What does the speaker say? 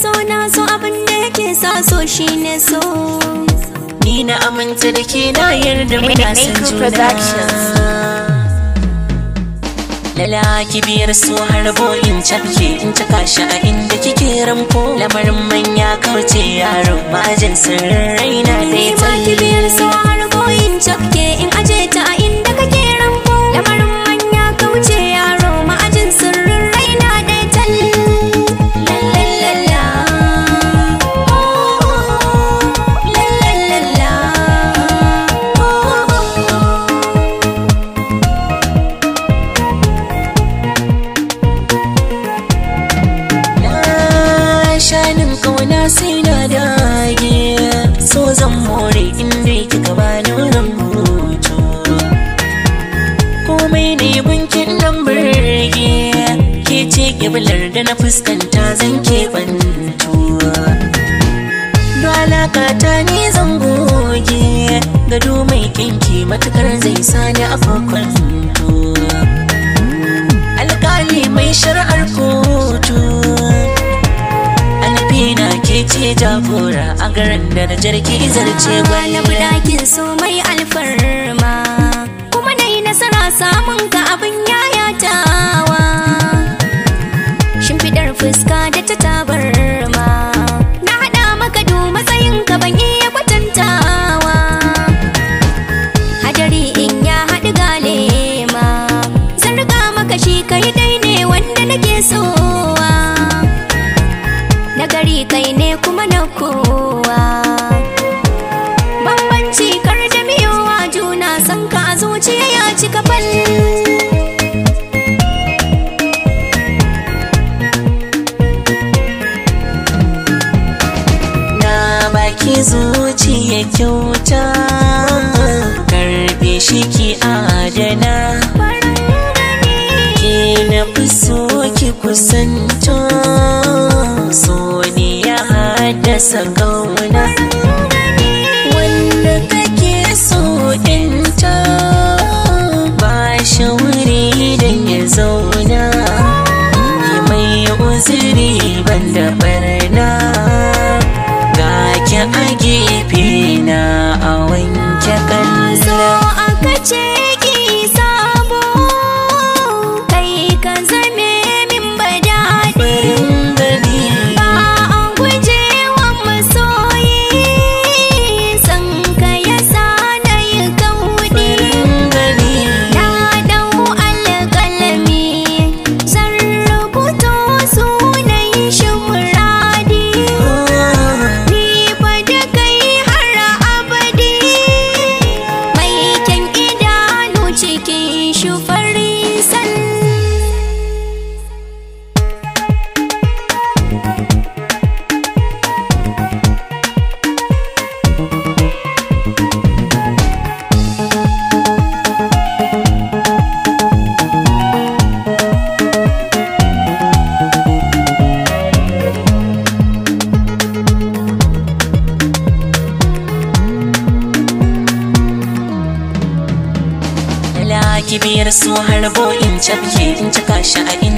so na so abin da yake sa so shine so ni na aminta da ke na yarda muna san juna lala ki biyar su har boyin cafke in caka shi a inda kike ramko lamarin manya kauce yaro majin sirrai na zai tsalle. kauna sai na dage so zan more inda kika bani rubutu komai ne bunkin nan burge ke ce kiblar da na fuskanta zan ke dole alaka ta ni zan goge gado mai kinki matukar zai sani a fakon alƙali mai shari'ar ko ce jagora a garin da na jirgi zarce gwai na budakin so mai alfarma kuma na yi nasara samun ka abin yayatawa shimfidar fuska da ta tabarma na haɗa maka do matsayin ka ban iya kwatantawa hadari in ya haɗu galema zan riga maka shi kai dai ne wanda nake so nagari kai ne kuma na kowa bambanci kar jami'owa juna san ka zuciya ya cika fal na baki zuciya kyauta karbe shi ki adana ki na fi so ki kusanta so rasa kauna Ki biyar su bo in cafke in cika shi a in